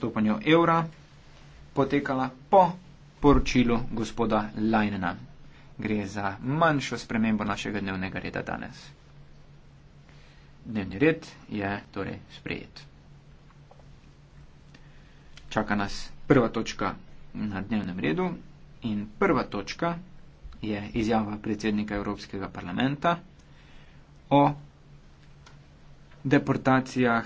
stopanjo evra potekala po poročilu gospoda Leinena. Gre za manjšo spremembo našega dnevnega reda danes. Dnevni red je torej sprejet. Čaka nas prva točka na dnevnem redu in prva točka je izjava predsednika Evropskega parlamenta o deportacijah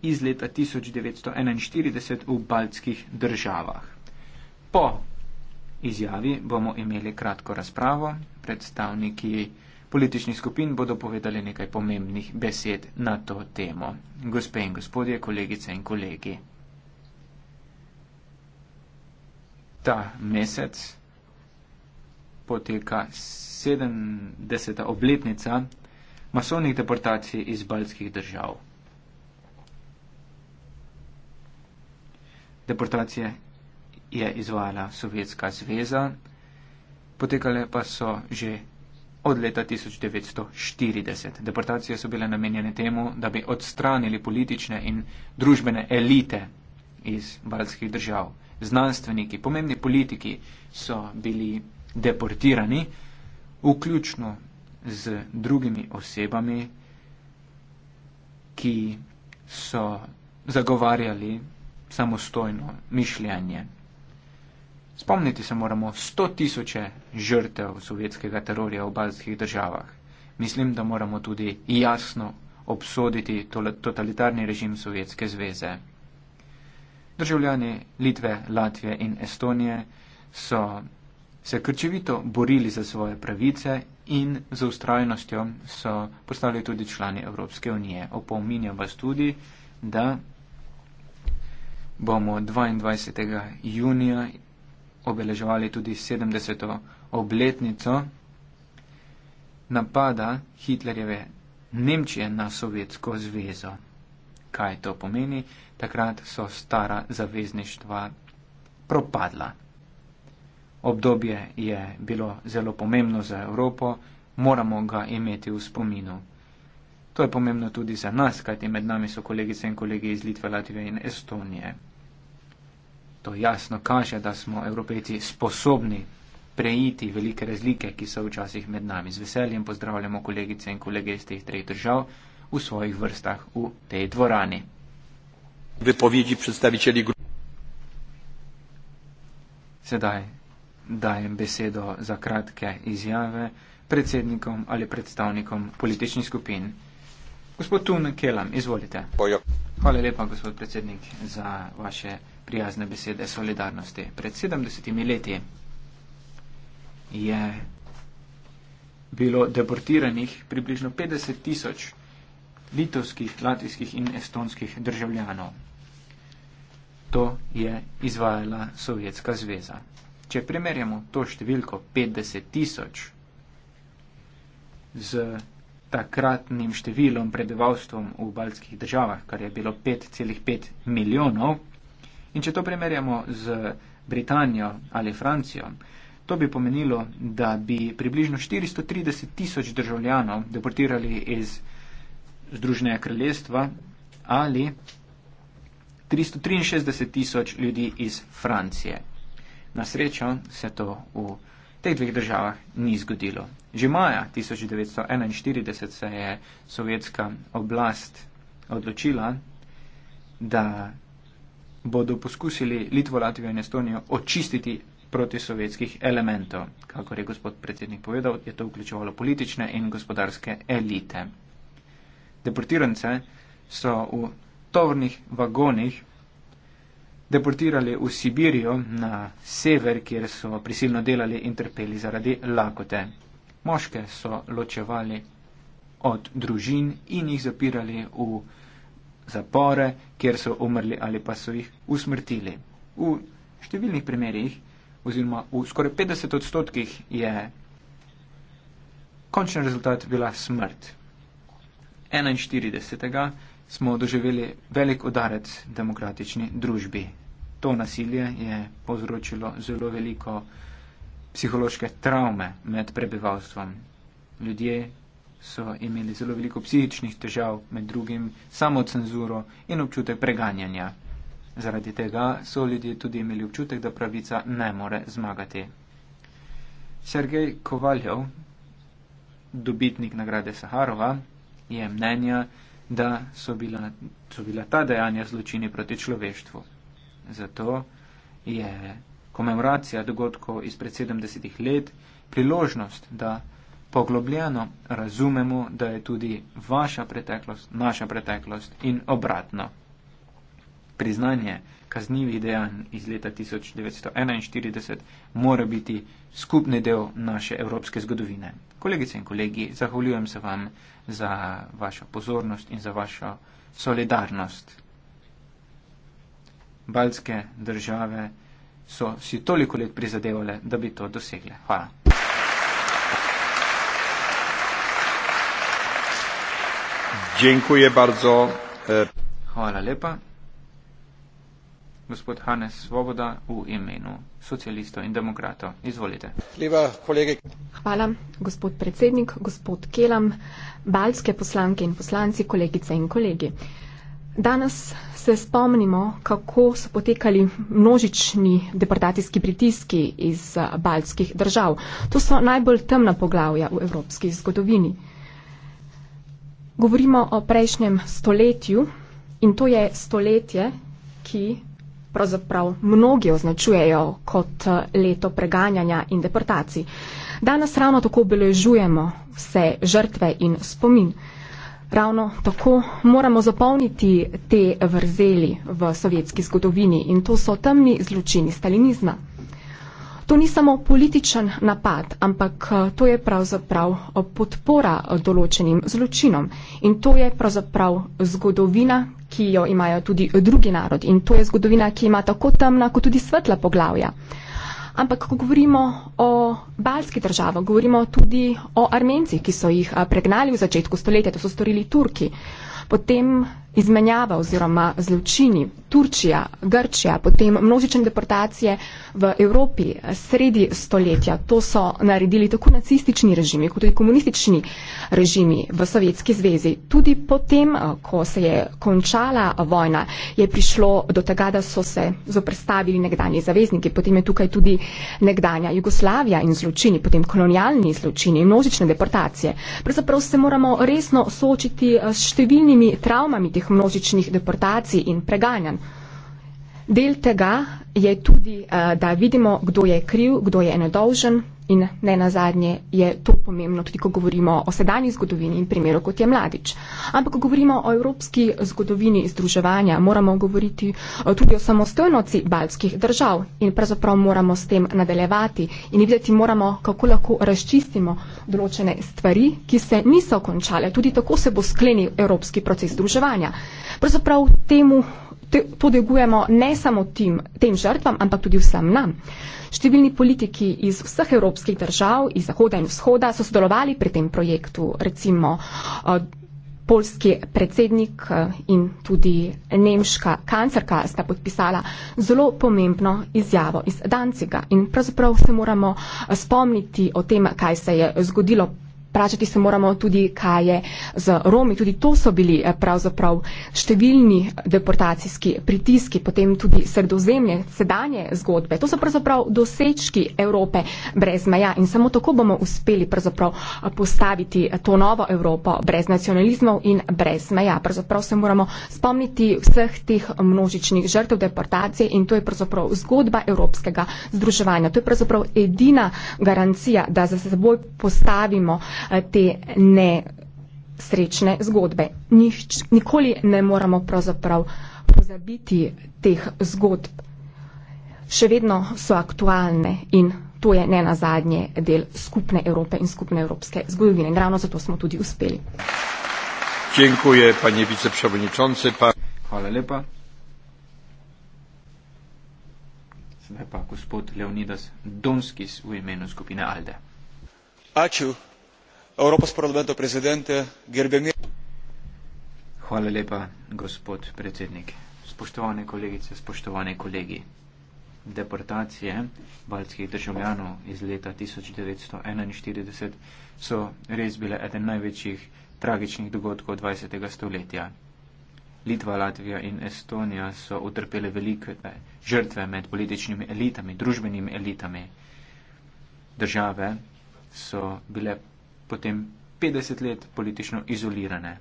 iz leta 1941 v baltskih državah. Po izjavi bomo imeli kratko razpravo, predstavniki političnih skupin bodo povedali nekaj pomembnih besed na to temo. Gospe in gospodje, kolegice in kolegi. Ta mesec poteka 70. obletnica masovnih deportacij iz baltskih držav. deportacije je izvajala Sovjetska zveza, potekale pa so že od leta 1940. Deportacije so bile namenjene temu, da bi odstranili politične in družbene elite iz baltskih držav. Znanstveniki, pomembni politiki so bili deportirani, vključno z drugimi osebami, ki so zagovarjali samostojno mišljanje. Spomniti se moramo sto tisoče žrtev sovjetskega terorja v bazdskih državah. Mislim, da moramo tudi jasno obsoditi totalitarni režim Sovjetske zveze. Državljani Litve, Latvije in Estonije so se krčevito borili za svoje pravice in za ustrajnostjo so postali tudi člani Evropske unije. Opominjam vas tudi, da bomo 22. junija obeleževali tudi 70. obletnico napada Hitlerjeve Nemčije na Sovjetsko zvezo. Kaj to pomeni? Takrat so stara zavezništva propadla. Obdobje je bilo zelo pomembno za Evropo, moramo ga imeti v spominu. To je pomembno tudi za nas, kajti med nami so kolegice in kolegi iz Litve, Latvije in Estonije to jasno kaže, da smo evropejci sposobni prejiti velike razlike, ki so včasih med nami. Z veseljem pozdravljamo kolegice in kolege iz teh treh držav v svojih vrstah v tej dvorani. Vypovedi predstaviteli grupe. Sedaj dajem besedo za kratke izjave predsednikom ali predstavnikom političnih skupin. Gospod Tun Kelam, izvolite. Bojo. Hvala lepa, gospod predsednik, za vaše prijazne besede solidarnosti. Pred 70 leti je bilo deportiranih približno 50 tisoč litovskih, latvijskih in estonskih državljanov. To je izvajala Sovjetska zveza. Če primerjamo to številko 50 tisoč z takratnim številom prebivalstvom v baltskih državah, kar je bilo 5,5 milijonov. In če to primerjamo z Britanijo ali Francijo, to bi pomenilo, da bi približno 430 tisoč državljanov deportirali iz Združenega kraljestva ali 363 tisoč ljudi iz Francije. Na srečo se to v teh dveh državah ni zgodilo. Že maja 1941 se je sovjetska oblast odločila, da bodo poskusili Litvo, Latvijo in Estonijo očistiti protisovjetskih elementov. Kako je gospod predsednik povedal, je to vključevalo politične in gospodarske elite. Deportirance so v tovornih vagonih deportirali v Sibirijo na sever, kjer so prisilno delali in trpeli zaradi lakote. Moške so ločevali od družin in jih zapirali v zapore, kjer so umrli ali pa so jih usmrtili. V številnih primerjih, oziroma v skoraj 50 odstotkih, je končni rezultat bila smrt. 41. smo doživeli velik udarec demokratični družbi to nasilje je povzročilo zelo veliko psihološke travme med prebivalstvom. Ljudje so imeli zelo veliko psihičnih težav, med drugim samocenzuro in občutek preganjanja. Zaradi tega so ljudje tudi imeli občutek, da pravica ne more zmagati. Sergej Kovaljov, dobitnik nagrade Saharova, je mnenja, da so bila, so bila ta dejanja zločini proti človeštvu. Zato je komemoracija dogodkov izpred 70 let priložnost, da poglobljeno razumemo, da je tudi vaša preteklost naša preteklost in obratno. Priznanje kaznivih dejanj iz leta 1941 mora biti skupni del naše evropske zgodovine. Kolegice in kolegi, zahvaljujem se vam za vašo pozornost in za vašo solidarnost baltske države so si toliko let prizadevale, da bi to dosegle. Hvala. E, Hvala lepa. Gospod Hanes Svoboda v imenu socialistov in demokratov. Izvolite. Hvala, gospod predsednik, gospod Kelam, balske poslanke in poslanci, kolegice in kolegi. Danes se spomnimo, kako so potekali množični deportacijski pritiski iz eh, baltskih držav. To so najbolj temna poglavja v evropski zgodovini. Govorimo o prejšnjem stoletju in to je stoletje, ki pravzaprav mnogi označujejo kot eh, leto preganjanja in deportacij. Danes ravno tako obeležujemo vse žrtve in spomin. Ravno tako moramo zapolniti te vrzeli v sovjetski zgodovini in to so temni zločini stalinizma. To ni samo političen napad, ampak eh, to je pravzaprav eh, podpora eh, določenim zločinom in to je pravzaprav zgodovina, ki jo imajo tudi drugi narod in to je zgodovina, ki ima tako temna kot tudi svetla poglavja. Ampak, ko govorimo o balski državah, govorimo tudi o Armencih, ki so jih pregnali v začetku stoletja, to so storili Turki. Potem izmenjava oziroma zločini Turčija, Grčija, potem množične deportacije v Evropi eh, sredi stoletja. To so naredili tako nacistični režimi, kot tudi komunistični režimi v Sovjetski zvezi. Tudi potem, eh, ko se je končala vojna, je prišlo do tega, da so se zoprestavili nekdanji zavezniki. Potem je tukaj tudi nekdanja Jugoslavija in zločini, potem kolonialni zločini, množične deportacije. Pravzaprav se moramo resno soočiti eh, s številnimi travmami. Tih teh množičnih deportacij in preganjanj. Del tega je tudi, eh, da vidimo, kdo je kriv, kdo je nedolžen, In ne nazadnje je to pomembno tudi, ko govorimo o sedanji zgodovini in primeru, kot je mladič. Ampak, ko govorimo o evropski zgodovini združevanja, moramo govoriti eh, tudi o samostojnosti baltskih držav in pravzaprav moramo s tem nadaljevati in videti moramo, kako lahko razčistimo določene stvari, ki se niso končale. Tudi tako se bo sklenil evropski proces združevanja. Pravzaprav temu podegujemo ne samo tim, tem žrtvam, ampak tudi vsem nam. Številni politiki iz vseh evropskih držav, iz zahoda in vzhoda, so sodelovali pri tem projektu. Recimo eh, polski predsednik eh, in tudi nemška kancerka sta podpisala zelo pomembno izjavo iz Danciga. In pravzaprav se moramo eh, spomniti o tem, kaj se je zgodilo Vprašati se moramo tudi, kaj je z Romi. Tudi to so bili eh, pravzaprav številni deportacijski pritiski, potem tudi sredozemlje, sedanje zgodbe. To so pravzaprav dosečki Evrope brez meja in samo tako bomo uspeli pravzaprav eh, postaviti eh, to novo Evropo brez nacionalizmov in brez meja. Pravzaprav se moramo spomniti vseh teh množičnih žrtev deportacije in to je pravzaprav zgodba evropskega združevanja. To je pravzaprav edina garancija, da za seboj postavimo te ne srečne zgodbe. Nič, nikoli ne moramo pravzaprav pozabiti teh zgodb. Še vedno so aktualne in to je ne na zadnje del skupne Evrope in skupne evropske zgodovine. In ravno zato smo tudi uspeli. Dziękuję, panie wiceprzewodniczący. Pa... Hvala lepa. Zdaj pa gospod Leonidas Donskis v imenu skupine ALDE. Aču europos parlamento prezidente gerbiamieji hvala lepa gospod predsednik spoštovane kolegice spoštovani kolegi deportacije baltskih državljanov iz leta 1941 so res bile eden največjih tragičnih dogodkov 20. stoletja Litva, Latvija in Estonija so utrpele velike žrtve med političnimi elitami, družbenimi elitami. Države so bile potem 50 let politično izolirane.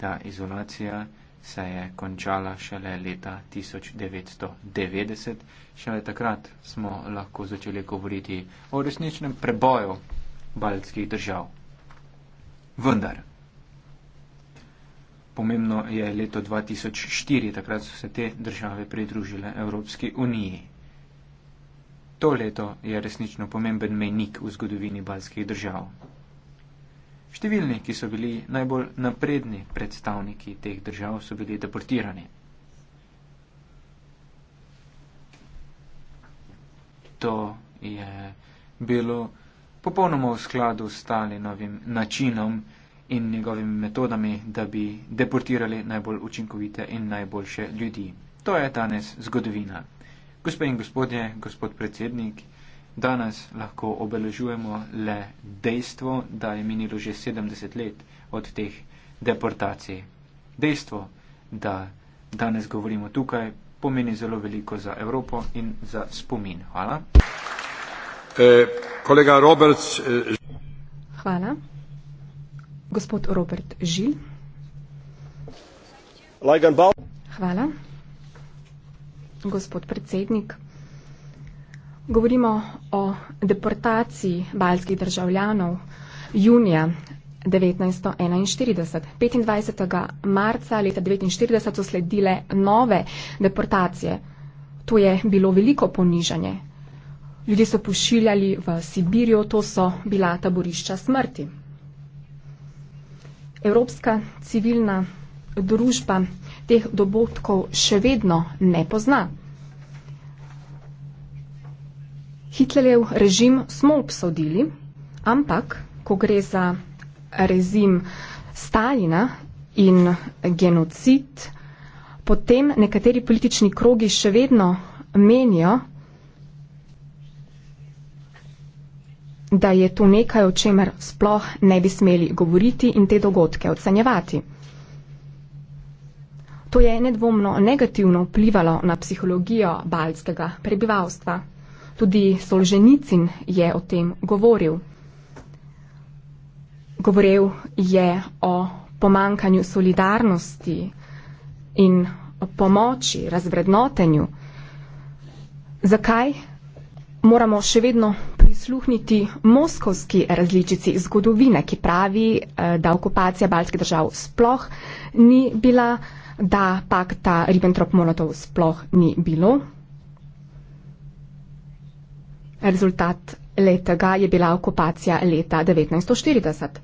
Ta izolacija se je končala šele leta 1990, šele takrat smo lahko začeli govoriti o resničnem preboju baltskih držav. Vendar, pomembno je leto 2004, takrat so se te države pridružile Evropski uniji. To leto je resnično pomemben mejnik v zgodovini balskih držav. Številni, ki so bili najbolj napredni predstavniki teh držav, so bili deportirani. To je bilo popolnoma v skladu s Stalinovim načinom in njegovimi metodami, da bi deportirali najbolj učinkovite in najboljše ljudi. To je danes zgodovina. Gospe in gospodje, gospod predsednik, danes lahko obeležujemo le dejstvo, da je minilo že 70 let od teh deportacij. Dejstvo, da danes govorimo tukaj, pomeni zelo veliko za Evropo in za spomin. Hvala. Eh, kolega Roberts. Eh... Hvala. Gospod Robert Žil. Hvala gospod predsednik. Govorimo o deportaciji balskih državljanov junija 1941. 25. marca leta 1949 so sledile nove deportacije. To je bilo veliko ponižanje. Ljudje so pošiljali v Sibirijo, to so bila taborišča smrti. Evropska civilna družba teh dogodkov še vedno ne pozna. Hitlerjev režim smo obsodili, ampak ko gre za režim Stalina in genocid, potem nekateri politični krogi še vedno menijo, da je to nekaj, o čemer sploh ne bi smeli govoriti in te dogodke ocenjevati. To je nedvomno negativno vplivalo na psihologijo baljskega prebivalstva. Tudi Solženicin je o tem govoril. Govoril je o pomankanju solidarnosti in o pomoči, razvrednotenju. Zakaj moramo še vedno prisluhniti moskovski različici zgodovine, ki pravi, eh, da okupacija baljskih držav sploh ni bila, da pakta Ribbentrop-Molotov sploh ni bilo. Rezultat letega je bila okupacija leta 1940.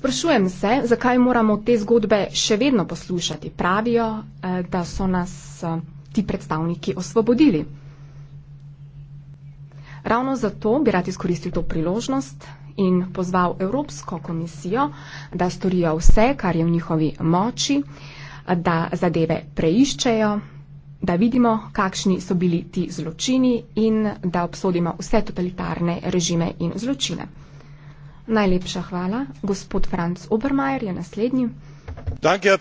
Sprašujem se, zakaj moramo te zgodbe še vedno poslušati. Pravijo, eh, da so nas eh, ti predstavniki osvobodili. Ravno zato bi rad izkoristil to priložnost in pozval Evropsko komisijo, da storijo vse, kar je v njihovi moči, da zadeve preiščejo, da vidimo, kakšni so bili ti zločini in da obsodimo vse totalitarne režime in zločine. Najlepša hvala. Gospod Franz Obermajer je naslednji. Danke,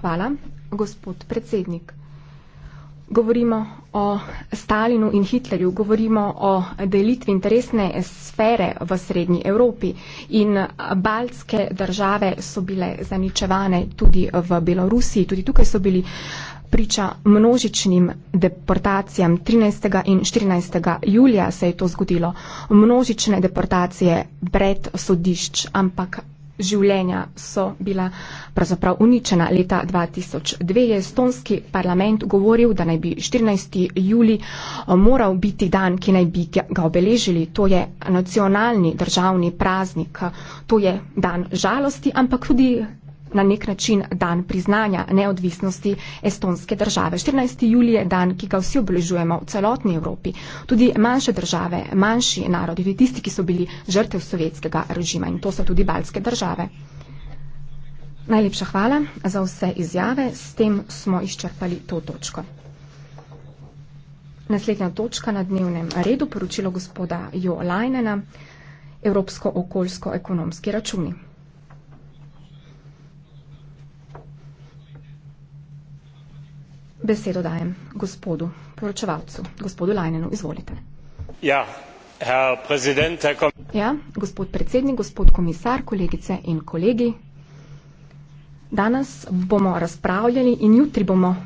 Hvala, gospod predsednik govorimo o Stalinu in Hitlerju, govorimo o delitvi interesne sfere v srednji Evropi in baltske države so bile zaničevane tudi v Belorusiji, tudi tukaj so bili priča množičnim deportacijam 13. in 14. julija se je to zgodilo. Množične deportacije pred sodišč, ampak življenja so bila pravzaprav uničena. Leta 2002 je estonski parlament govoril, da naj bi 14. juli eh, moral biti dan, ki naj bi ga obeležili. To je nacionalni državni praznik, to je dan žalosti, ampak tudi na nek način dan priznanja neodvisnosti estonske države. 14. julij je dan, ki ga vsi obeležujemo v celotni Evropi. Tudi manjše države, manjši narodi, tudi tisti, ki so bili žrtev sovjetskega režima in to so tudi baljske države. Najlepša hvala za vse izjave. S tem smo izčrpali to točko. Naslednja točka na dnevnem redu, poročilo gospoda Jo Lajnena, Evropsko okoljsko-ekonomski računi. besedo dajem gospodu poročevalcu, gospodu Lajnenu. Izvolite. Ja, ja, gospod predsednik, gospod komisar, kolegice in kolegi. Danes bomo razpravljali in jutri bomo